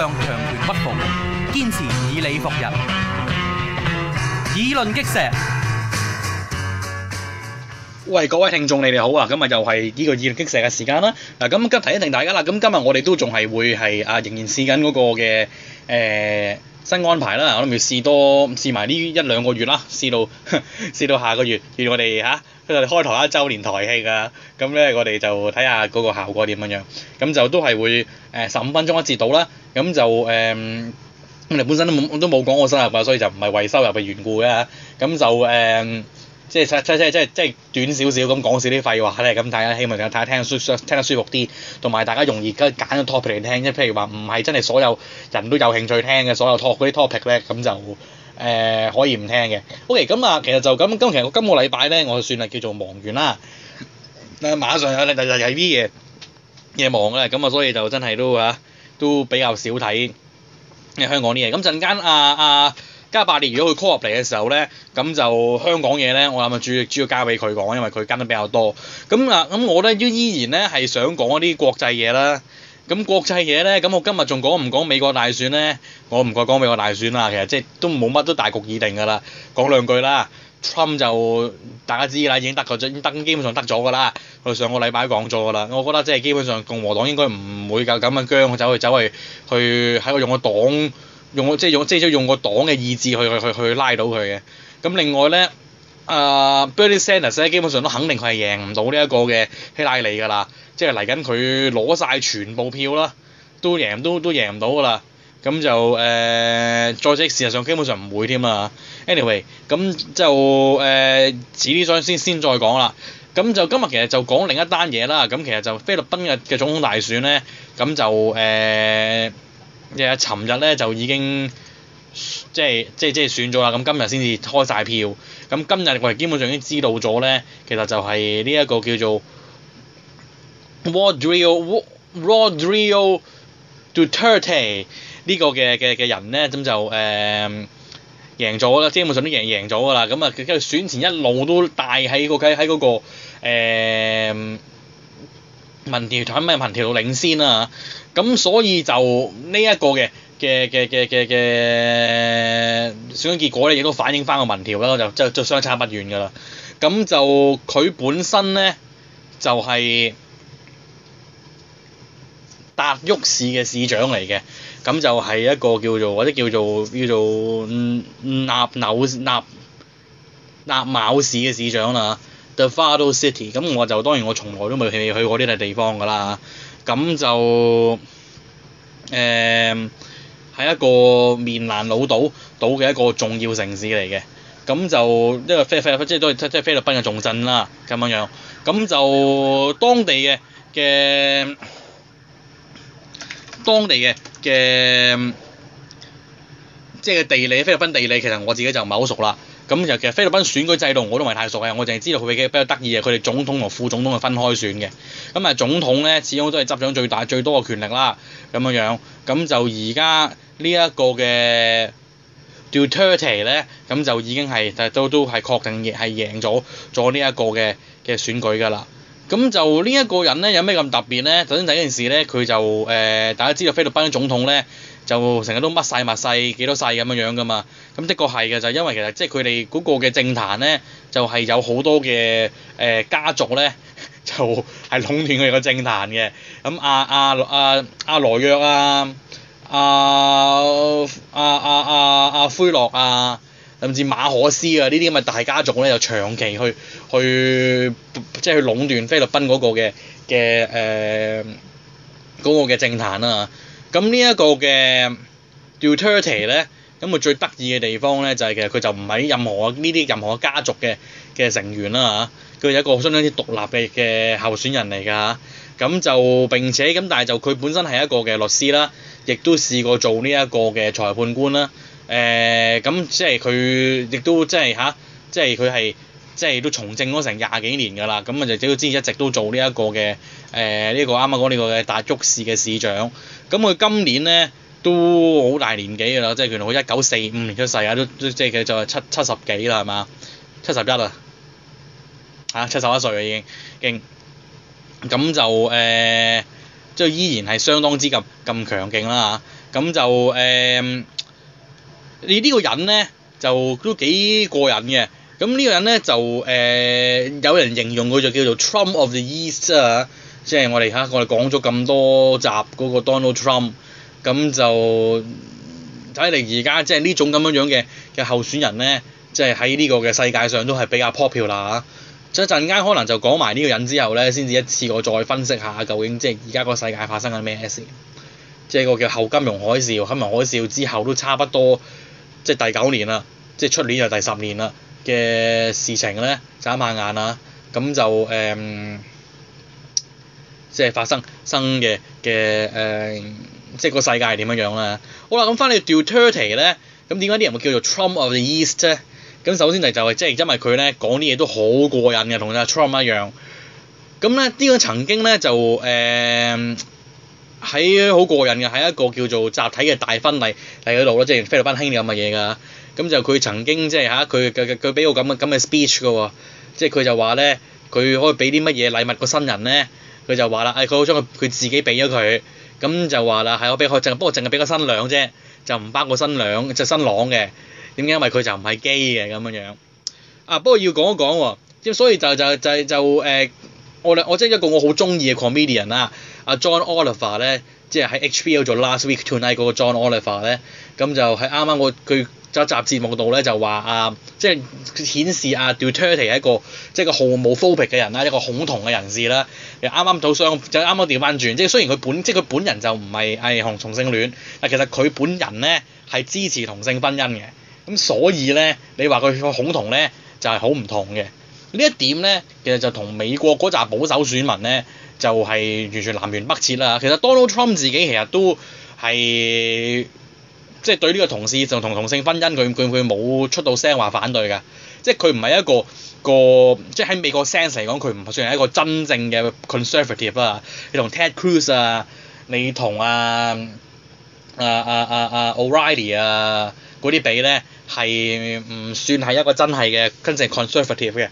向強權屈服，堅持以理服人。議論擊石。喂，各位聽眾，你哋好啊！咁啊，又係呢個議論擊石嘅時間啦。嗱，咁今日提醒大家啦，咁今日我哋都仲係會係啊，仍然試緊嗰個嘅誒新安排啦。我諗要試多試埋呢一兩個月啦，試到試到下個月，預我哋嚇。佢哋開台一週年台戲㗎，咁咧我哋就睇下嗰個效果點樣樣，咁就都係會誒十五分鐘一節到啦，咁就誒咁你本身都冇都冇講過收入㗎，所以就唔係為收入嘅緣故啦，咁就誒、呃、即係即係即係即係即係短少少咁講少啲廢話係咁，大家希望大家聽得舒舒聽得舒服啲，同埋大家容易嘅揀個 topic 嚟聽即係，譬如話唔係真係所有人都有興趣聽嘅，所有 topic 嗰啲 topic 咧，咁就。誒、呃、可以唔聽嘅，OK，咁、嗯、啊，其實就咁，今其實今個禮拜咧，我就算係叫做忙完啦。誒，馬上有咧，就就係啲嘢，嘢忙啦，咁啊，所以就真係都啊，都比較少睇，香港啲嘢。咁陣間阿阿加百列如果佢 call 入嚟嘅時候咧，咁就香港嘢咧，我諗啊主要主要交俾佢講，因為佢跟得比較多。咁、嗯、啊，咁、嗯、我咧都依然咧係想講一啲國際嘢啦。咁國際嘢咧，咁我今日仲講唔講美國大選咧？我唔該講美國大選啦，其實即係都冇乜都大局已定㗎啦。講兩句啦，Trump 就大家知啦，已經得個，已經基本上得咗㗎啦。我上個禮拜都講咗㗎啦。我覺得即係基本上共和黨應該唔會夠咁嘅僵，走去走去去喺度用個黨，用即係用即係用，用個黨嘅意志去去去去拉到佢嘅。咁另外咧。誒、uh，Bernie Sanders 咧，基本上都肯定佢係贏唔到呢一個嘅希拉里㗎啦。即係嚟緊佢攞晒全部票啦，都贏都都贏唔到㗎啦。咁就誒，在、uh, 即事實上基本上唔會添啊。Anyway，咁就誒指呢張先先再講啦。咁就今日其實就講另一單嘢啦。咁其實就菲律賓嘅嘅總統大選咧，咁就誒，其實尋日咧就已經即係即係即係選咗啦。咁今日先至開晒票。咁今日我哋基本上已經知道咗咧，其實就係呢一個叫做 Rodrigo Rodrigo Duterte 呢個嘅嘅嘅人咧，咁就誒贏咗啦，基本上都贏贏咗㗎啦。咁啊，佢喺選前一路都帶喺、那個喺喺嗰個誒、呃、民調睇咩民調領先啊，咁所以就呢一個嘅。嘅嘅嘅嘅嘅選舉結果咧，亦都反映翻個民調啦，就即係即係相差不遠噶啦。咁就佢本身咧就係達沃市嘅市長嚟嘅，咁就係一個叫做或者叫做叫做納紐納納卯市嘅市長啦，The Faro City。咁我就當然我從來都未未去過呢啲地方㗎啦。咁就誒。係一個棉蘭老島島嘅一個重要城市嚟嘅，咁就一、這個菲律菲律賓即係都係即係菲律賓嘅重鎮啦，咁樣樣，咁就當地嘅嘅當地嘅嘅，即係地理菲律賓地理其實我自己就唔係好熟啦，咁尤其菲律賓選舉制度我都唔係太熟嘅，我淨係知道佢比較得意嘅佢哋總統同副總統係分開選嘅，咁啊總統咧始終都係執掌最大最多嘅權力啦，咁樣樣，咁就而家。呢一個嘅杜特蒂咧，咁就已經係，但都都係確定係贏咗，咗呢一個嘅嘅選舉㗎啦。咁就呢一個人咧，有咩咁特別咧？首先第一件事咧，佢就誒大家知道菲律賓總統咧，就成日都乜細乜細幾多細咁樣樣㗎嘛。咁的確係嘅，就係因為其實即係佢哋嗰個嘅政壇咧，就係有好多嘅誒家族咧，就係壟斷佢哋嘅政壇嘅。咁阿阿阿阿羅約啊。啊，啊，啊，啊，阿灰洛啊，甚至馬可斯啊，呢啲咁嘅大家族咧，就長期去去即係去壟斷菲律賓嗰個嘅嘅誒嗰個嘅政壇啦、啊。咁呢一個嘅 Duterte 咧，咁佢最得意嘅地方咧，就係其實佢就唔係任何呢啲任何家族嘅嘅成員啦、啊、嚇，佢係一個相當之獨立嘅嘅候選人嚟㗎，咁就並且咁，但係就佢本身係一個嘅律師啦、啊。亦都試過做呢一個嘅裁判官啦，誒、呃、咁即係佢亦都即係吓，即係佢係即係都從政咗成廿幾年㗎啦，咁啊就直到之前一直都做呢一個嘅誒呢個啱啱講呢個嘅達竹市嘅市長，咁佢今年咧都好大年紀㗎啦，即係原來佢一九四五年出世啊，都即係佢就七七十幾啦係嘛，七十一啊嚇七十一歲啊已經勁，咁就誒。呃即係依然係相當之咁咁強勁啦，咁就誒你呢個人咧就都幾過人嘅，咁、嗯、呢、這個人咧就誒、呃、有人形容佢就叫做 Trump of the East 啊，即係我哋嚇我哋講咗咁多集嗰、那個 Donald Trump，咁、嗯、就睇嚟而家即係呢種咁樣樣嘅嘅候選人咧，即係喺呢個嘅世界上都係比較 popular 啦、啊、嚇。即係陣間可能就講埋呢個人之後咧，先至一次過再分析下究竟即係而家個世界發生緊咩事？即係個叫後金融海嘯，金融海嘯之後都差不多，即係第九年啦，即係出年就第十年啦嘅事情咧，眨下眼啊！咁就誒、嗯，即係發生新嘅嘅誒，即係個世界係點樣樣啦？好啦，咁翻嚟 Duterte 咧，咁點解啲人會叫做 Trump of the East 咧？咁首先就就係即係因為佢咧講啲嘢都好過癮嘅，同阿 Trump 一樣。咁咧，呢個曾經咧就誒喺好過癮嘅，喺一個叫做集體嘅大婚禮嚟嗰度咯，即係菲律賓興啲咁嘅嘢㗎。咁就佢曾經即係吓，佢嘅佢俾個咁嘅咁嘅 speech 嘅喎、哦。即係佢就話咧，佢可以俾啲乜嘢禮物個新人咧？佢就話啦，誒佢好想佢佢自己俾咗佢。咁就話啦，係我俾佢，淨不過淨係俾個新娘啫，就唔包個新娘即係新郎嘅。點解？因為佢就唔係 gay 嘅咁樣樣啊！不過要講一講喎、啊，咁所以就就就就誒我咧，我即係一個我好中意嘅 comedian 啦、啊，阿 John Oliver 咧，即係喺 HBO 做 Last Week Tonight 嗰個 John Oliver 咧，咁就喺啱啱我佢一集節目度咧就話啊，即係顯示阿 Duterte 係一個即係、就是、個毫無 phobic 嘅人啦，一個恐同嘅人士啦，又啱啱到相就啱啱調翻轉，即係雖然佢本即係佢本人就唔係係同性戀，但其實佢本人咧係支持同性婚姻嘅。咁所以咧，你話佢個恐呢、就係、同咧就係好唔同嘅。呢一點咧，其實就同美國嗰紮保守選民咧就係、係、完全南轅北轍啦。其實 Donald Trump 自己其實都係即係對呢個同事就同同性婚姻，佢佢佢冇出到聲話反對㗎。即係佢唔係一個個即係喺美國 sense 嚟講，佢唔算係一個真正嘅 conservative 啊。你同 Ted Cruz 啊，你同啊啊啊啊 O’Reilly 啊。啊啊啊啊啊嗰啲比咧係唔算係一個真係嘅，真正 conservative 嘅。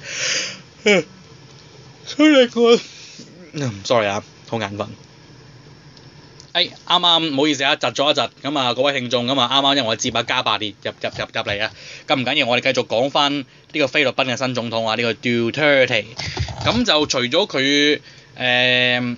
所以個，sorry 啊，好眼瞓。誒，啱啱唔好意思啊，窒咗一窒，咁啊，各位聽眾咁啊，啱啱因為字幕加百列，入入入入嚟啊，咁唔緊要，我哋繼續講翻呢個菲律賓嘅新總統啊，呢個 Duterte。咁就除咗佢誒。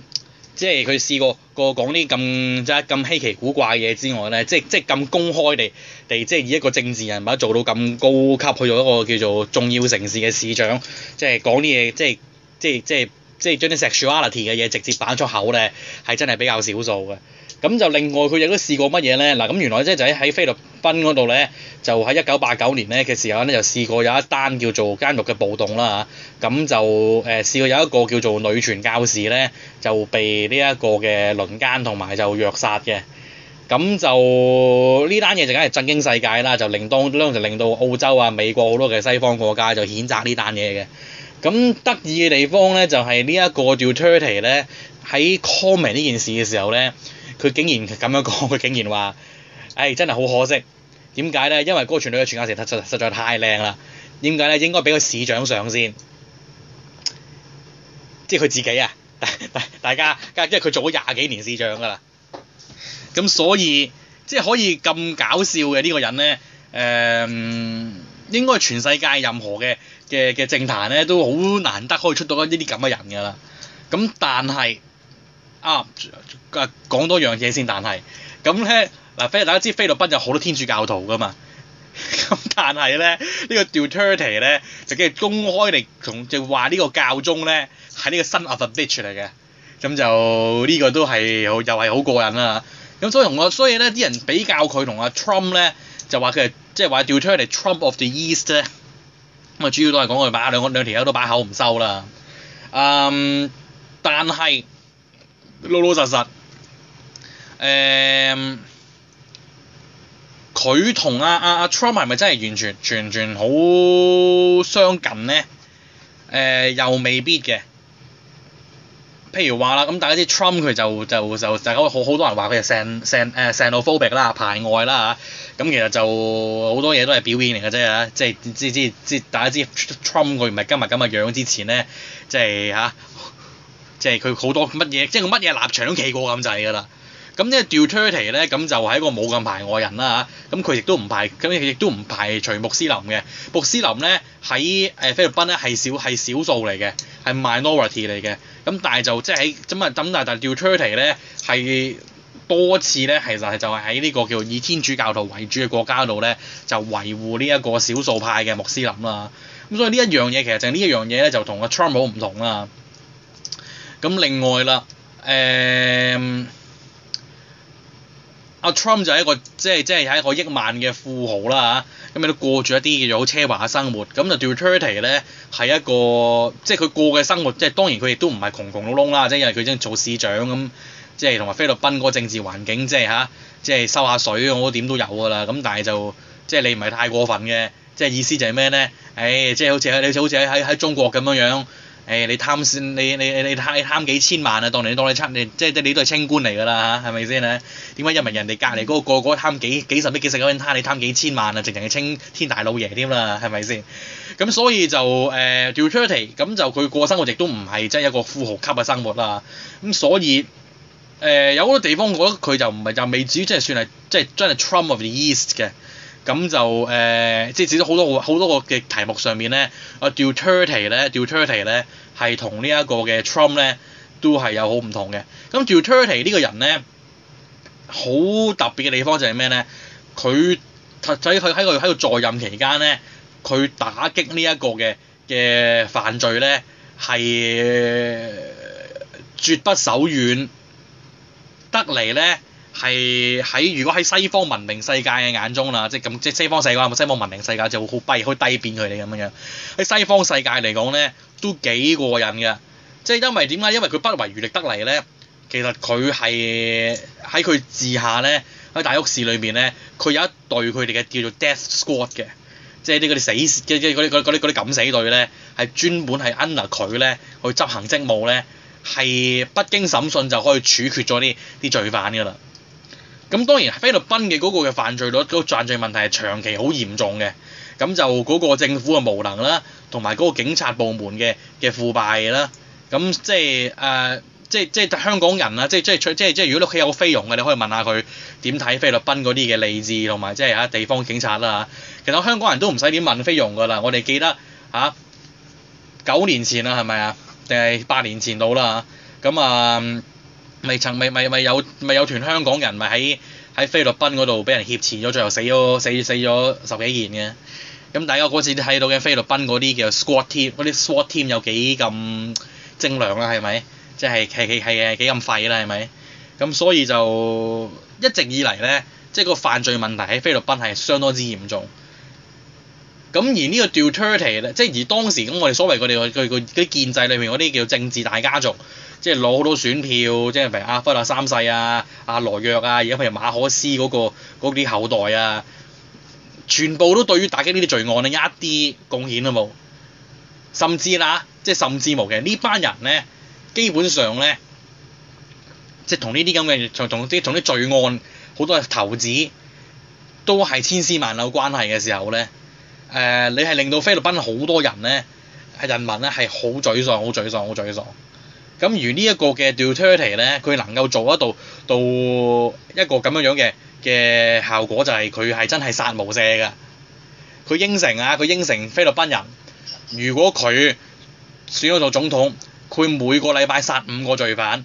即係佢試過個講啲咁即係咁稀奇古怪嘅嘢之外咧，即係即係咁公開地地即係以一個政治人物做到咁高級，去做一個叫做重要城市嘅市長，即係講啲嘢即係即係即係即係將啲 sexuality 嘅嘢直接擺出口咧，係真係比較少數嘅。咁就另外佢亦都試過乜嘢咧？嗱，咁原來即係喺喺菲律分嗰度咧，就喺一九八九年咧嘅時候咧，就試過有一單叫做監獄嘅暴動啦，咁就誒、呃、試過有一個叫做女傳教士咧，就被呢一個嘅輪奸同埋就虐殺嘅，咁就呢單嘢就梗係震驚世界啦，就令當咧就令到澳洲啊美國好多嘅西方國家就譴責呢單嘢嘅，咁得意嘅地方咧就係、是、呢一個叫 Duterte 咧喺 comment 呢件事嘅時候咧，佢竟然咁樣講，佢竟然話，誒、哎、真係好可惜。點解咧？因為嗰個團隊嘅傳家成實實在太靚啦！點解咧？應該俾個市長上先，即係佢自己啊！大大家，因為佢做咗廿幾年市長噶啦，咁所以即係可以咁搞笑嘅呢、呢個人咧，誒、呃，應該全世界任何嘅嘅嘅政壇咧都好難得可以出到一啲咁嘅人噶啦。咁但係啊，誒，講多樣嘢先，但係咁咧。嗱，大家知菲律賓有好多天主教徒噶嘛，咁 但係咧呢、呢個 Duterte 咧就梗係公開嚟從就話呢個教宗咧係呢個 son of a bitch 來嘅，咁 就呢、呢個都係又又係好過癮啦，咁 所以同阿所以咧啲人比較佢同阿 Trump 咧就話佢係即係、就、話、係、Duterte Trump of the East 咧，咁啊主要都係講佢把兩個兩條友都把口唔收啦、um，嗯，但係老老實實，誒。佢同阿阿阿 Trump 係咪真係完全完全好相近呢？誒、呃，又未必嘅。譬如話啦，咁大家知 Trump 佢就就就，就，就，大家好好多人話佢係成成誒成老 phobic 啦，排外啦咁、啊、其實就好多嘢都係表演嚟嘅啫嚇，即係知知知，大家知 Trump 佢唔係今日咁嘅樣之前咧，即係嚇、啊，即係佢好多乜嘢，即係佢乜嘢立場都企過咁滯㗎啦。咁呢個 Duterte 咧，咁就係一個冇咁排外人啦嚇，咁佢亦都唔排，咁亦都唔排除穆斯林嘅。穆斯林咧喺誒菲律賓咧係少係少數嚟嘅，係 minority 嚟嘅。咁但係就即係喺咁啊，咁、就係、但係但係 Duterte 咧係多次咧，其實係就係喺呢個叫以天主教徒為主嘅國家度咧，就維護呢一個少數派嘅穆斯林啦。咁所以呢一樣嘢其實就係呢一樣嘢咧，就同個 Trump 好唔同啦。咁另外啦，誒、嗯。阿 Trump 就係一個即係即係喺一個億萬嘅富豪啦嚇，咁你都過住一啲叫做奢華嘅生活，咁就 Duterte 咧係一個即係佢過嘅生活，即係當然佢亦都唔係窮窮窿窿啦，即係因為佢已經做市長咁，即係同埋菲律賓嗰個政治環境即係吓，即係收下水嗰點都，都有㗎啦，咁但係就即係你唔係太過分嘅，即係意思就係咩咧？誒、哎，即係好似啊，你好好似喺喺喺中國咁樣樣。誒你貪先，你你你貪貪幾千萬啊！當你當你貪，即係即係你都係清官嚟㗎啦嚇，係咪先咧？點解一問人哋隔離嗰個個個貪幾幾十幾十幾十億，貪你貪幾千萬啊？直情係青天大老爺添啦，係咪先？咁所以就誒，Duterte 咁就佢過生活亦都唔係真係一個富豪級嘅生活啦。咁所以誒、呃，有好多地方我覺得佢就唔係就未至於即係算係即係真係 Trump of the East 嘅。咁就誒，即係指咗好多個好多個嘅題目上面咧，啊，Duterte 咧，Duterte 咧，係同呢一個嘅 Trump 咧都係有好唔同嘅。咁 Duterte 呢個人咧，好特別嘅地方就係咩咧？佢就所以佢喺度喺度在任期間咧，佢打擊呢一個嘅嘅犯罪咧，係絕不手軟，得嚟咧。係喺如果喺西方文明世界嘅眼中啦，即係咁即係西方世界，冇西方文明世界就好閉可以低變佢哋咁樣樣，喺西方世界嚟講咧，都幾過癮嘅。即係因為點解？因為佢不遺餘力得嚟咧。其實佢係喺佢治下咧，喺大屋市裏面咧，佢有一隊佢哋嘅叫做 death squad 嘅，即係啲嗰啲死嘅嘅嗰啲啲啲敢死隊咧，係專門係 under 佢咧去執行職務咧，係不經審訊就可以處決咗啲啲罪犯㗎啦。咁當然菲律賓嘅嗰個嘅犯罪率，嗰個犯罪問題係長期好嚴重嘅。咁就嗰個政府嘅無能啦，同埋嗰個警察部門嘅嘅腐敗啦。咁即係誒，即係即係香港人啊，即係即係即係即係如果屋企有菲傭嘅，你可以問下佢點睇菲律賓嗰啲嘅吏治，同埋即係嚇地方警察啦。其實香港人都唔使點問菲傭噶啦，我哋記得嚇九年前啦，係咪啊？定係八年前到啦。咁啊～咪曾咪咪咪有咪有團香港人咪喺喺菲律賓嗰度俾人挾持咗，最後死咗死死咗十幾年嘅。咁大家我嗰時睇到嘅菲律賓嗰啲叫 Squat Team，嗰啲 Squat Team 有幾咁精良啦，係咪？即係係係係幾咁廢啦，係咪？咁所以就一直以嚟咧，即係個犯罪問題喺菲律賓係相當之嚴重。咁而呢個 Duterte 咧，即係而當時咁，我哋所謂佢哋個佢嗰啲建制裏面嗰啲叫政治大家族，即係攞好多選票，即係譬如阿菲亞三世啊、阿、啊、羅約啊，而家譬如馬可思嗰、嗰個嗰啲後代啊，全部都對於打擊呢啲罪案咧一啲貢獻都冇，甚至啦，即係甚至冇嘅呢班人咧，基本上咧，即係同呢啲咁嘅同啲同啲罪案好多頭子都係千絲萬縷關係嘅時候咧。誒、呃，你係令到菲律賓好多人咧，係人民咧係好沮喪，好沮喪，好沮喪。咁而呢一個嘅 Duterte 咧，佢能夠做得到到一個咁樣樣嘅嘅效果，就係佢係真係殺無赦㗎。佢應承啊，佢應承菲律賓人，如果佢選咗做總統，佢每個禮拜殺五個罪犯。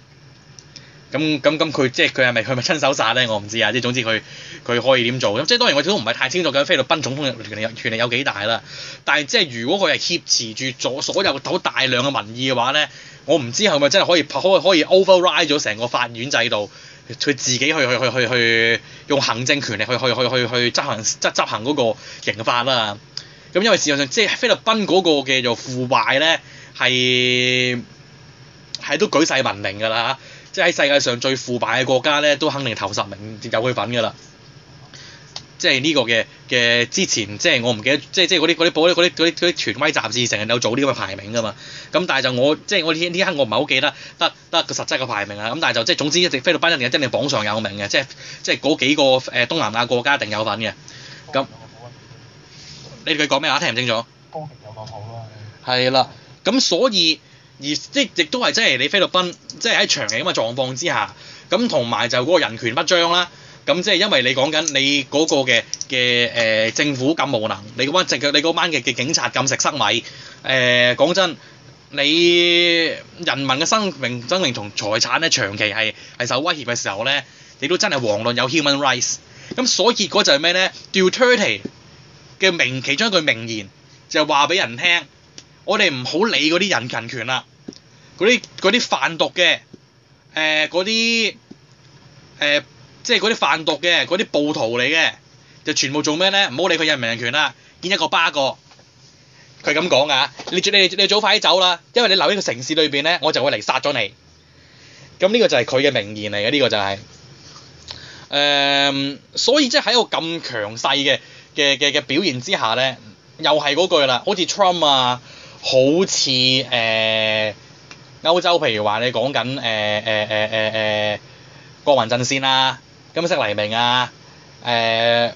咁咁咁佢即係佢係咪佢咪親手殺咧？我唔知啊！即係總之佢佢可以點做？咁即係當然我都唔係太清楚緊菲律賓總統嘅權力有權力有幾大啦。但係即係如果佢係挾持住咗所有到大量嘅民意嘅話咧，我唔知係咪真係可以拍開可以，以 override 咗成個法院制度，佢自己去去去去去用行政權力去去去去去，去執行執執行嗰個刑法啦。咁因為事實上即係菲律賓嗰個嘅就腐敗咧係係都舉世聞名㗎啦。即係喺世界上最腐敗嘅國家咧，都肯定係頭十名有佢份㗎啦。即係呢個嘅嘅之前，即係我唔記，記得，即係即係嗰啲嗰啲嗰啲嗰啲嗰啲權威雜誌成日有做呢啲嘅排名㗎嘛。咁但係就我即係我呢刻我唔係好記得得得個實際嘅排名啊。咁但係就即係總之一直菲律賓，一定係真榜上有名嘅。即係即係嗰幾個誒東南亞國家一定有份嘅。咁、嗯、你哋講咩啊？聽唔清楚。高級又咁好啦。係、嗯、啦，咁所以。的而即亦都係即係你菲律賓即係喺長期咁嘅狀況之下，咁同埋就個人權不彰啦。咁即係因為你講緊你嗰個嘅嘅誒政府咁無能，你嗰班直嘅你嗰班嘅嘅警察咁食生米。誒、呃、講真，你人民嘅生命生命同財產咧長期係係受威脅嘅時候咧，你都真係遑論有 human rights。咁所以結果就係咩咧？Duterte 嘅名其中一句名言就係話俾人聽。我哋唔好理嗰啲人權啦，嗰啲嗰啲販毒嘅，誒啲誒即係嗰啲販毒嘅嗰啲暴徒嚟嘅，就全部做咩咧？唔好理佢人唔人權啦，見一個巴個。佢咁講㗎，你你你早快啲走啦，因為你留喺個城市裏邊咧，我就會嚟殺咗你。咁呢個就係佢嘅名言嚟嘅，呢個就係誒，所以即係喺一個咁強勢嘅嘅嘅嘅表現之下咧，又係嗰句啦，好似 Trump 啊～好似誒、呃、歐洲，譬如話你講緊誒誒誒誒誒國民陣線啊、金色黎明啊、誒、呃、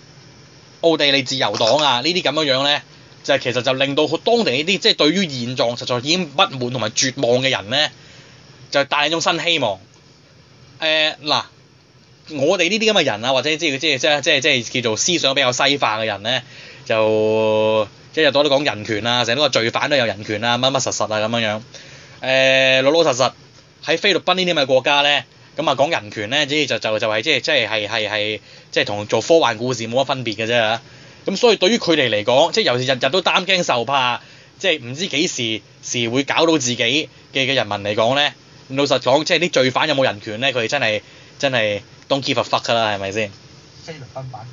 奧地利自由黨啊，這這呢啲咁樣樣咧，就是、其實就令到當地呢啲即係對於現狀實在已經不滿同埋絕望嘅人咧，就帶一種新希望。誒、呃、嗱，我哋呢啲咁嘅人啊，或者即係即係即係即係叫做思想比較西化嘅人咧，就～即一日都講人權啊，成日都話罪犯都有人權啊，乜乜實實啊咁樣樣。誒、呃，老老實實喺菲律賓呢啲咁嘅國家咧，咁啊講人權咧，即係就、就、就係即係即係係係係即係同做科幻故事冇乜分別嘅啫。咁所以對於佢哋嚟講，即係尤其日日都擔驚受怕，即係唔知幾時時會搞到自己嘅嘅人民嚟講咧，老實講，即係啲罪犯有冇人權咧？佢哋真係真係 don't give a fuck 噶啦，係咪先？菲律賓版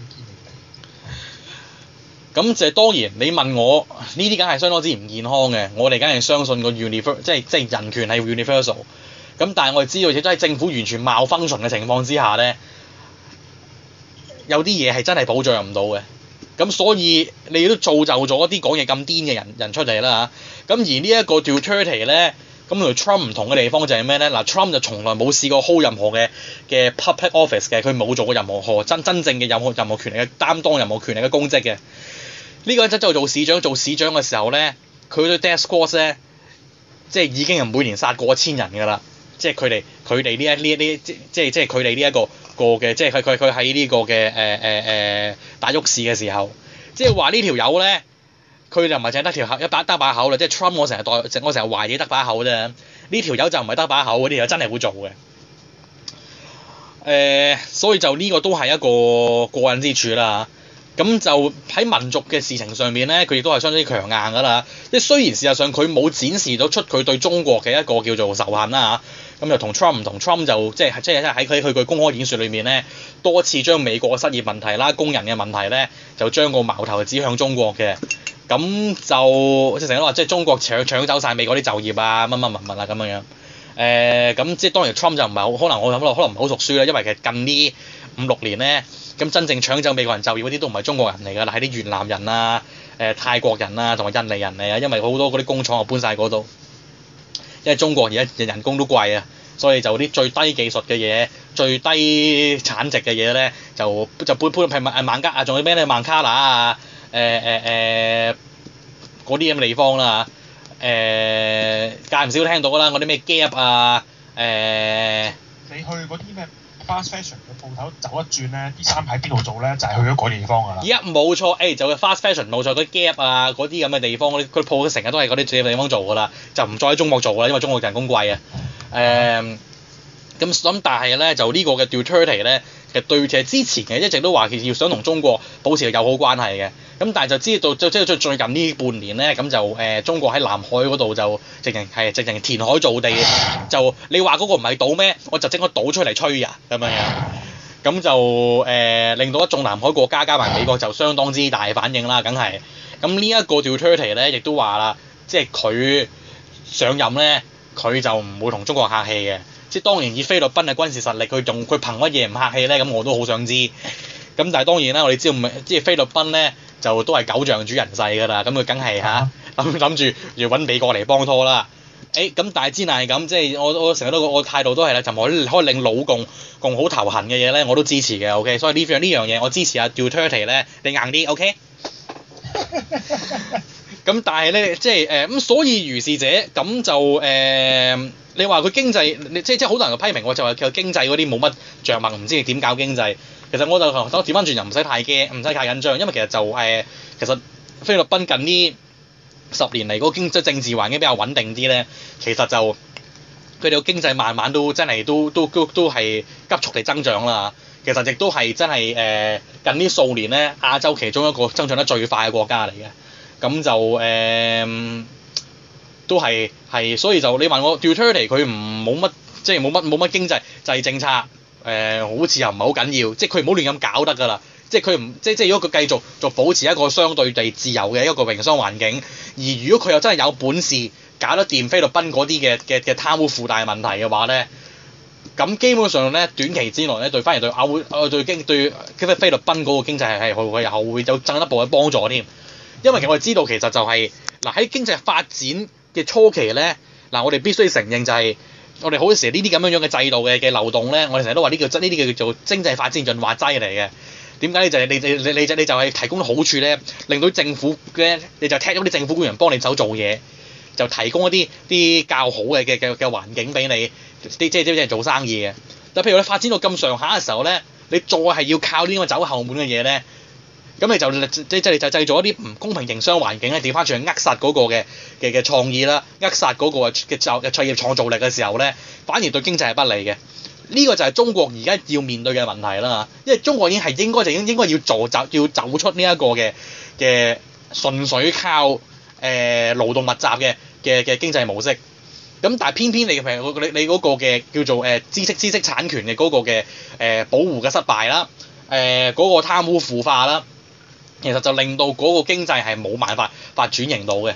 咁就當然，你問我呢啲梗係相當之唔健康嘅。我哋梗係相信個 univer 即係即係人權係 universal。咁但係我哋知道，而且真係政府完全冇分寸嘅情況之下咧，有啲嘢係真係保障唔到嘅。咁所以你都造就咗一啲講嘢咁癲嘅人人出嚟啦嚇。咁而呢一個 Duterte 咧，咁同 Trump 唔同嘅地方就係咩咧？嗱，Trump 就從來冇試過 hold 任何嘅嘅 public office 嘅，佢冇做過任何真真正嘅任何任何權力嘅擔當任何權力嘅公職嘅。呢個真就做市長，做市長嘅時候咧，佢對 death squads 咧，即係已經係每年殺過千人㗎啦。即係佢哋，佢哋呢一呢呢，即即即係佢哋呢一個個嘅，即係佢佢佢喺呢個嘅誒誒誒達沃市嘅時候，即係話呢條友咧，佢就唔係淨係得條口一把得把口啦。即係 Trump 我成日代我成日懷疑得把口啫。呢條友就唔係得把口嗰啲，又真係會做嘅。誒、呃，所以就呢個都係一個過人之處啦。咁就喺民族嘅事情上面咧，佢亦都係相當之強硬噶啦。即係雖然事實上佢冇展示到出佢對中國嘅一個叫做仇恨啦嚇。咁又同 Trump 唔同，Trump 就就即係即係喺佢佢嘅公開演説裏面咧，多次將美國嘅失業問題啦、工人嘅問題咧，就將個矛頭指向中國嘅。咁就即成日都話，即係中國搶搶走晒美國啲就業啊，乜乜乜乜啊咁樣。誒咁即係當然，Trump 就唔係好可能我諗咯，可能唔係好熟書啦，因為其實近呢五六年咧，咁真正搶走美國人就業嗰啲都唔係中國人嚟㗎啦，係啲越南人啊、誒、呃、泰國人啊同埋印尼人嚟啊，因為好多嗰啲工廠啊搬晒嗰度，因為中國而家人人工都貴啊，所以就啲最低技術嘅嘢、最低產值嘅嘢咧，就就搬搬係萬家啊，仲有咩咧曼卡啦啊，誒誒誒嗰啲咁嘅地方啦。誒，介唔少都聽到㗎啦，嗰啲啲咩 gap 啊，誒、呃，你去嗰啲咩 fast fashion 嘅鋪頭走一轉咧，啲衫喺邊度做咧，就係、是、去咗嗰地方㗎啦。而家冇錯，誒、哎，就 fast fashion 冇錯，嗰啲 gap 啊，嗰啲咁嘅地方嗰啲，啲鋪成日都係嗰啲地方做㗎啦，就唔再喺中國做㗎啦，因為中國人工貴啊。誒、呃，咁咁、嗯、但係咧，就個呢個嘅 Duterte 咧。嘅對峙之前嘅一直都話其實要想同中國保持友好關係嘅，咁但係就知道即即即最近呢半年咧咁就誒、呃、中國喺南海嗰度就直情係直情填海造地，就你話嗰個唔係島咩？我就整個島出嚟吹啊咁樣，咁就誒、呃、令到一眾南海國家加埋美國就相當之大反應啦，梗係咁呢一個條 Duterte 咧亦都話啦，即係佢上任咧佢就唔會同中國客氣嘅。即係當然以菲律賓嘅軍事實力，佢仲佢憑乜嘢唔客氣咧？咁我都好想知。咁但係當然啦，我哋知道美即係菲律賓咧，就都係狗仗主人勢㗎啦。咁佢梗係嚇諗諗住要揾美國嚟幫拖啦。誒咁，但係之難係咁，即係我我成日都我態度都係啦，任何可以令老共共好頭痕嘅嘢咧，我都支持嘅。OK，所以呢樣呢樣嘢我支持阿 Duterte 咧，你硬啲 OK。咁但係咧，即係誒咁，所以如是者咁就誒。你話佢經濟，你即即好多人嘅批評我，就話、是、佢經濟嗰啲冇乜著墨，唔知你點搞經濟。其實我就同我調翻轉又唔使太驚，唔使太緊張，因為其實就誒、是，其實菲律賓近呢十年嚟嗰、那個、經即政治環境比較穩定啲咧，其實就佢哋個經濟慢慢都真係都都都都係急速地增長啦。其實亦都係真係誒、呃、近數呢數年咧，亞洲其中一個增長得最快嘅國家嚟嘅，咁就誒。呃都係係，所以就你問我，Duterte 佢唔冇乜，即係冇乜冇乜經濟制政策，誒，好似又唔係好緊要，即係佢唔好亂咁搞得㗎啦，即係佢唔，即係即係如果佢繼續就保持一個相對地自由嘅一個營商環境，而如果佢又真係有本事搞得掂菲律賓嗰啲嘅嘅嘅貪污腐敗問題嘅話咧，咁基本上咧短期之內咧，對翻嚟對亞烏亞對經對菲律賓嗰個經濟係係後後會有進一步嘅幫助添，因為其實我哋知道其實就係嗱喺經濟發展。嘅初期咧，嗱我哋必須承認就係、是，我哋好多時呢啲咁樣樣嘅制度嘅嘅流動咧，我哋成日都話呢叫呢啲叫，叫做經濟發展潤滑劑嚟嘅。點解咧？就係你你你就是、你，你，你，你就係提供好處咧，令到政府咧，你就踢咗啲政府官員幫你走做嘢，就提供一啲啲較好嘅嘅嘅嘅環境俾你，即即即係做生意嘅。但譬如你發展到咁上下嘅時候咧，你再係要靠呢個走後門嘅嘢咧。咁你就即即係就製造一啲唔公平營商環境咧，調翻轉去扼殺嗰個嘅嘅嘅創意啦，扼殺嗰個嘅創嘅創業創造力嘅時候咧，反而對經濟係不利嘅。呢、這個就係中國而家要面對嘅問題啦，因為中國已經係應該就應應該要做就要走出呢一個嘅嘅純粹靠誒勞動密集嘅嘅嘅經濟模式。咁但係偏偏你你你嗰個嘅叫做誒知識知識產權嘅嗰個嘅誒保護嘅失敗啦，誒、那、嗰個貪污腐化啦。其實就令到嗰個經濟係冇辦法發轉型到嘅。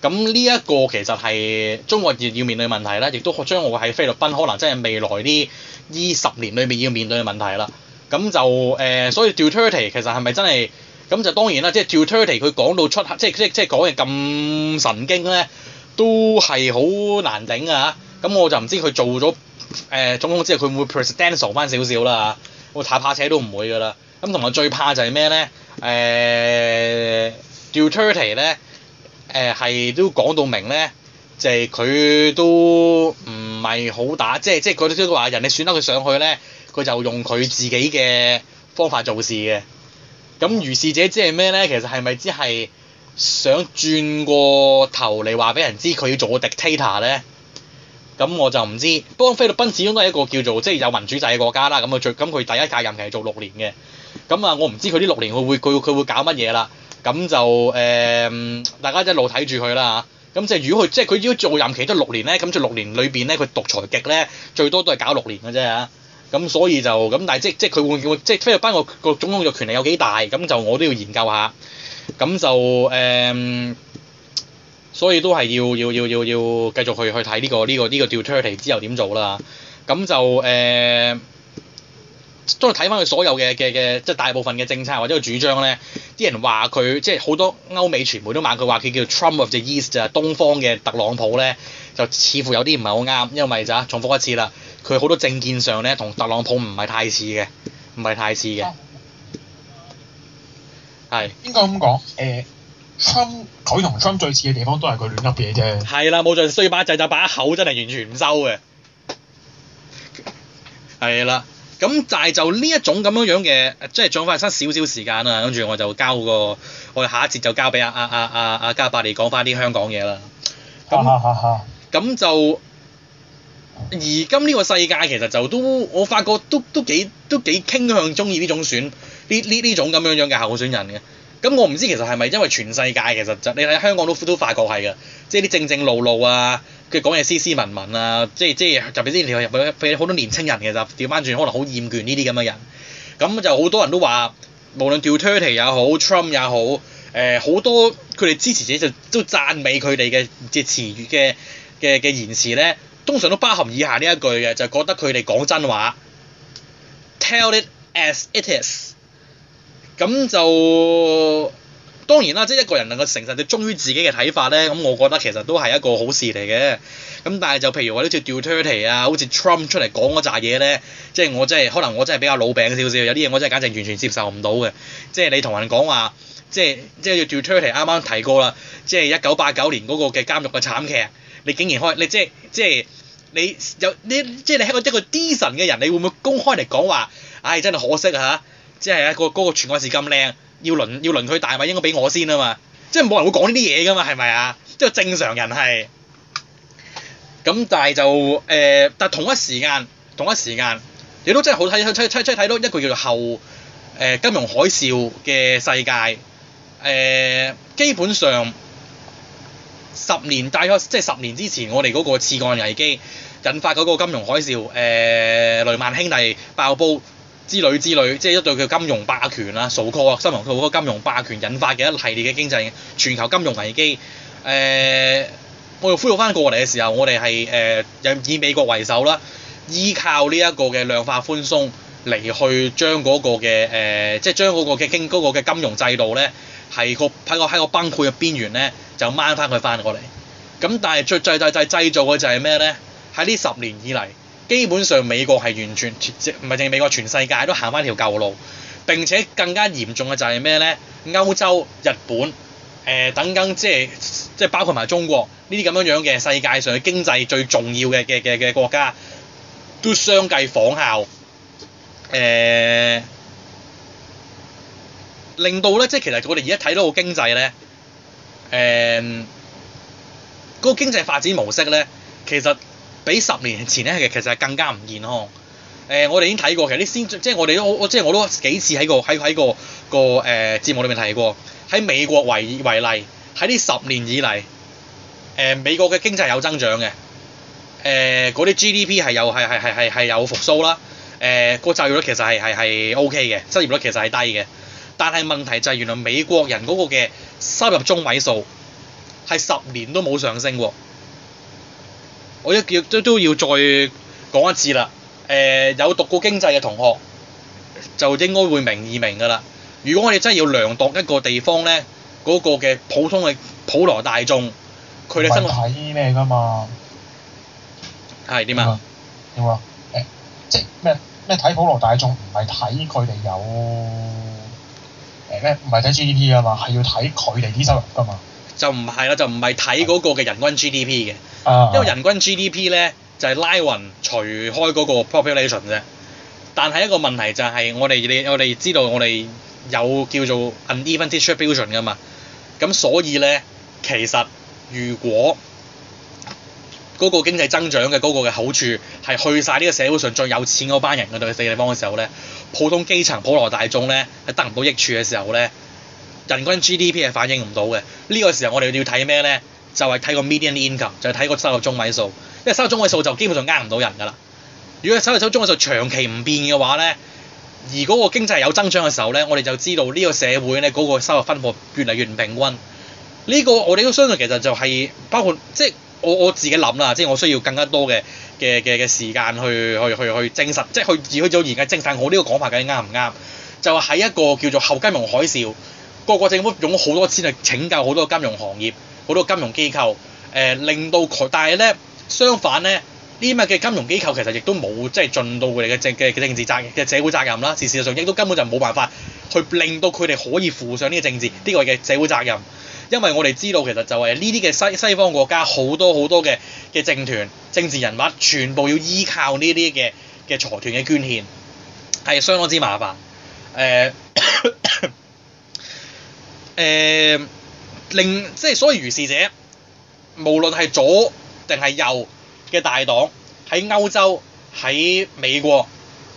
咁呢一個其實係中國要要面對嘅問題咧，亦都將我喺菲律賓可能真係未來呢呢十年裏面要面對嘅問題啦。咁就誒，所以 Duterte 其實係咪真係咁就當然啦？即係 Duterte 佢講到出，即係即係即係講嘅咁神經咧，都係好難頂嘅嚇。咁我就唔知佢做咗誒、呃、總統之後會會點點、啊，佢會 presidential 翻少少啦。我太怕扯都唔會㗎啦。咁同埋最怕就係咩咧？誒，呃，Duterte 咧，誒，呃，係都講到明咧，就係佢都唔係好打，即係即係佢都話人哋選得佢上去咧，佢就用佢自己嘅方法做事嘅。咁如是者即係咩咧？其實係咪只係想轉過頭嚟，話俾人知佢要做個 dictator 咧？咁我就唔知。不過菲律賓始終都係一個叫做即係有民主制嘅國家啦。咁啊最，咁佢第一屆任期係做六年嘅。咁啊、嗯，我唔知佢呢六年會會佢佢會會搞乜嘢啦。咁就誒、呃，大家一路睇住佢啦。咁即係如果佢即係佢要做任期都六年咧，咁就六年裏邊咧，佢獨裁極咧，最多都係搞六年嘅啫嚇。咁所以就咁，但係即係即係佢會唔會即係菲律賓個個總統嘅權力有幾大？咁就我都要研究下。咁就誒、呃，所以都係要要要要要繼續去去睇呢、這個呢、這個呢、這個 Duterte 之後點做啦。咁就誒。呃都佢睇翻佢所有嘅嘅嘅，即係大部分嘅政策或者佢主張咧，啲人話佢即係好多歐美傳媒都罵佢，話佢叫 Trump of the East 啊，東方嘅特朗普咧就似乎有啲唔係好啱，因為就啊，重複一次啦，佢好多政見上咧同特朗普唔係太似嘅，唔係太似嘅，係應該咁講誒，Trump 佢同 Trump 最似嘅地方都係佢亂噏嘢啫，係啦，冇再衰把滯就把口真係完全唔收嘅，係啦。咁但係就呢一種咁樣樣嘅，即係講翻起少少時間啦，跟住我就交個我哋下一節就交俾阿阿阿阿阿加百列講翻啲香港嘢啦。咁咁 就而今呢個世界其實就都我發覺都都幾都幾傾向中意呢種選呢呢呢種咁樣樣嘅候選人嘅。咁、嗯、我唔知其實係咪因為全世界其實就你喺香港都都發覺係嘅，即係啲正正路路啊，佢講嘢斯斯文文啊，即係即係特別之你係俾好多年青人其實調翻轉，可能好厭倦呢啲咁嘅人，咁就好多人都話無論 Duterte 也好，Trump 也好，誒好、呃、多佢哋支持者就都讚美佢哋嘅即係詞語嘅嘅嘅言辭咧，通常都包含以下呢一句嘅，就覺得佢哋講真話，Tell it as it is。咁就當然啦，即係一個人能夠承實你忠於自己嘅睇法咧，咁我覺得其實都係一個好事嚟嘅。咁但係就譬如 erte, 話好似 d i l a t o r 啊，好似 Trump 出嚟講嗰扎嘢咧，即係我真係可能我真係比較老病少少，有啲嘢我真係簡直完全接受唔到嘅。即係你同人講話，即係即係 d i t o r 啱啱提過啦，即係一九八九年嗰個嘅監獄嘅慘劇，你竟然開你即係即係你有你即係你係一個一個 D 神嘅人，你會唔會公開嚟講話？唉、哎，真係可惜嚇！即係啊，嗰、那、嗰個傳愛事咁靚，要輪要輪佢大位應該俾我先啊嘛！即係冇人會講呢啲嘢㗎嘛，係咪啊？即係正常人係。咁但係就誒、呃，但同一時間同一時間，你都真係好睇出出出睇到一個叫做後誒、呃、金融海嘯嘅世界誒、呃，基本上十年大概即係十年之前，我哋嗰個次按危機引發嗰個金融海嘯誒、呃，雷曼兄弟爆煲。之類之類，即係一對叫金融霸權啦，數科啊，金融嗰個金融霸權引發嘅一系列嘅經濟全球金融危機。誒、呃，我哋恢復翻過嚟嘅時候，我哋係誒又以美國為首啦，依靠呢一個嘅量化寬鬆嚟去將嗰個嘅誒、呃，即係將嗰個嘅經嗰個嘅金融制度咧，係個喺個喺個崩潰嘅邊緣咧，就掹翻佢翻過嚟。咁但係最製製製製造嘅就係咩咧？喺呢十年以嚟。基本上美國係完全唔係淨係美國，全世界都行翻一條舊路。並且更加嚴重嘅就係咩咧？歐洲、日本、誒、呃、等等即係即係包括埋中國呢啲咁樣樣嘅世界上嘅經濟最重要嘅嘅嘅嘅國家，都相繼仿效，誒、呃、令到咧，即係其實我哋而家睇到經、呃嗰個經濟咧，誒、個經濟發展模式咧，其實。比十年前咧，其實係更加唔健康。誒、呃，我哋已經睇過，其實呢先，即係我哋都即係我，我都幾次喺個喺喺個個誒節、呃、目裏面提過。喺美國為為例，喺呢十年以嚟，誒、呃、美國嘅經濟有增長嘅，誒、呃、嗰啲 GDP 係有係係係係有復甦啦。誒個就業率其實係係係 O K 嘅，失業、OK、率其實係低嘅。但係問題就係原來美國人嗰個嘅收入中位數係十年都冇上升喎。我一叫都都要再講一次啦。誒、呃、有讀過經濟嘅同學，就應該會明意明㗎啦。如果我哋真係要量度一個地方咧，嗰、那個嘅普通嘅普羅大眾，佢哋生活睇咩㗎嘛？係點啊？點啊？誒，即係咩咩睇普羅大眾唔係睇佢哋有誒咩？唔係睇 GDP 啊嘛，係要睇佢哋啲收入㗎嘛。就唔係啦，就唔係睇嗰個嘅人均 GDP 嘅，啊、因為人均 GDP 咧就係、是、拉勻除開嗰個 population 啫。但係一個問題就係我哋你我哋知道我哋有叫做 uneven distribution 噶嘛，咁所以咧其實如果嗰個經濟增長嘅嗰個嘅好處係去晒呢個社會上最有錢嗰班人嗰度四地方嘅時候咧，普通基層普羅大眾咧係得唔到益處嘅時候咧。人均 GDP 係反映唔到嘅呢個時候，我哋要睇咩咧？就係、是、睇個 median income，就係睇個收入中位數。因為收入中位數就基本上呃唔到人㗎啦。如果收入收中位數長期唔變嘅話咧，而嗰個經濟有增長嘅時候咧，我哋就知道呢個社會咧嗰、那個收入分佈越嚟越唔平均。呢、這個我哋都相信，其實就係包括即係我我自己諗啦，即係我需要更加多嘅嘅嘅嘅時間去去去去證實，即係去而去咗研究證實我呢個講法究竟啱唔啱？就係、是、喺一個叫做後金融海嘯。各個政府用咗好多錢去拯救好多金融行業、好多金融機構，誒、呃、令到佢，但係咧相反咧，呢啲咁嘅金融機構其實亦都冇即係盡到佢哋嘅政嘅政治責嘅社會責任啦，是事實上亦都根本就冇辦法去令到佢哋可以負上呢個政治呢個嘅社會責任，因為我哋知道其實就係呢啲嘅西西方國家好多好多嘅嘅政團政治人物全部要依靠呢啲嘅嘅財團嘅捐獻，係相當之麻煩，誒、呃。 誒、呃、令即係所以，就是、如是者，無論係左定係右嘅大黨喺歐洲、喺美國，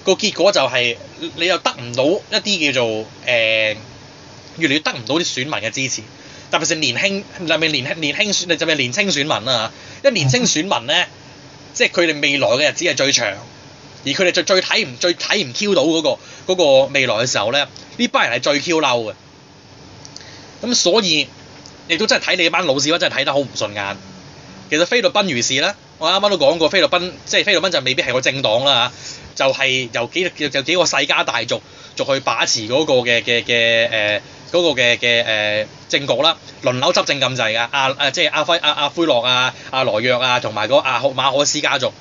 個結果就係、是、你又得唔到一啲叫做誒、呃，越嚟越得唔到啲選民嘅支持，特別是年輕，特別係年輕年輕選，特別係年輕選民啦、啊、嚇，因為年輕選民咧，即係佢哋未來嘅日子係最長，而佢哋最最睇唔最睇唔 Q 到嗰、嗰個嗰個未來嘅時候咧，呢班人係最 Q 嬲嘅。咁所以，亦都真係睇你班老屎忽真係睇得好唔順眼。其實菲律賓如是咧，我啱啱都講過菲律賓，即係菲律賓就未必係個政黨啦嚇，就係、是、由幾由幾個世家大族族去把持嗰、那個嘅嘅嘅誒嗰嘅嘅誒政局啦，輪流執政咁滯㗎。阿誒即係阿輝阿阿輝洛啊，阿羅約啊，同埋嗰阿馬可斯家族。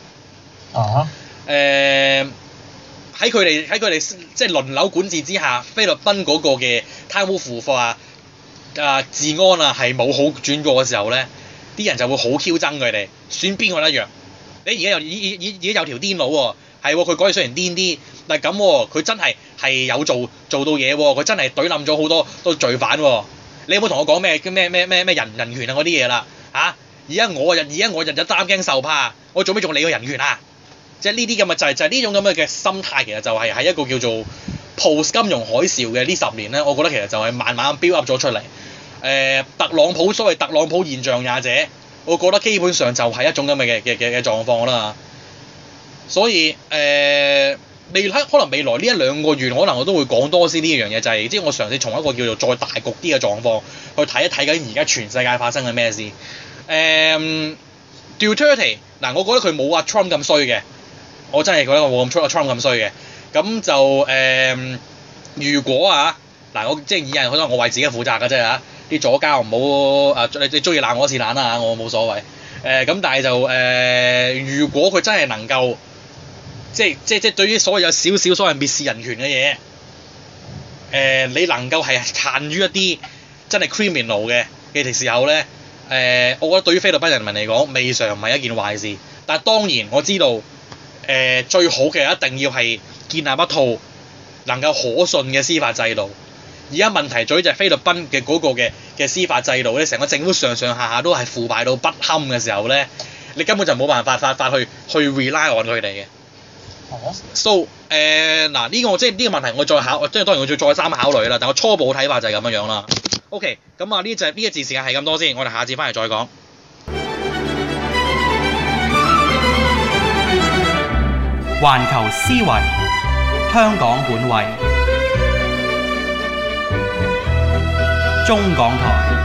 啊、uh。誒、huh. 呃，喺佢哋喺佢哋即係輪流管治之下，菲律賓嗰個嘅貪污腐化、啊。啊啊啊，治安啊係冇好轉過嘅時候咧，啲人就會好挑釁佢哋，選邊個都一樣。你而家又而而而而家有條癲佬喎，係喎，佢講嘢雖然癲啲，但係咁喎，佢真係係有做做到嘢喎、哦，佢真係懟冧咗好多都罪犯喎、哦。你有冇同有我講咩叫咩咩咩咩人人權啊嗰啲嘢啦嚇。而、啊、家我日而家我日日擔驚受怕，我做咩做你個人權啊？即係呢啲咁嘅就係、是、就係、是、呢種咁嘅嘅心態，其實就係喺一個叫做 post 金融海嘯嘅呢十年咧，我覺得其實就係慢慢 build up 咗出嚟。誒、呃、特朗普所謂特朗普現象也者，我覺得基本上就係一種咁嘅嘅嘅嘅狀況啦。所以誒、呃，未來可能未來呢一兩個月，可能我都會講多先呢一樣嘢，就係、是、即係我嘗試從一個叫做再大局啲嘅狀況去睇一睇緊而家全世界發生緊咩事。誒、呃、Duterte 嗱，我覺得佢冇阿 Trump 咁衰嘅，我真係覺得冇咁 Trump 咁衰嘅。咁就誒、呃，如果啊嗱，我即係以人，可能我為自己負責嘅啫嚇。啊啲左膠唔好啊！你你中意鬧我一次鬧啦嚇，我冇所謂。誒、呃、咁，但係就誒、呃，如果佢真係能夠，即係即係即係對於所謂有有少少所謂蔑視人權嘅嘢，誒、呃、你能夠係限於一啲真係 criminal 嘅嘅時候咧，誒、呃、我覺得對於菲律賓人民嚟講，未嘗唔係一件壞事。但係當然我知道，誒、呃、最好嘅一定要係建立一套能夠可信嘅司法制度。而家問題在於就係菲律賓嘅嗰個嘅嘅司法制度咧，成個政府上上下下都係腐敗到不堪嘅時候咧，你根本就冇辦法發法去去 rely on 佢哋嘅。哦、啊。So 誒嗱呢個即係呢個問題，我再考，即係當然我再再三考慮啦。但我初步睇法就係咁樣啦。OK，咁啊呢就呢一節時間係咁多先，我哋下次翻嚟再講。環球思維，香港本位。中港台。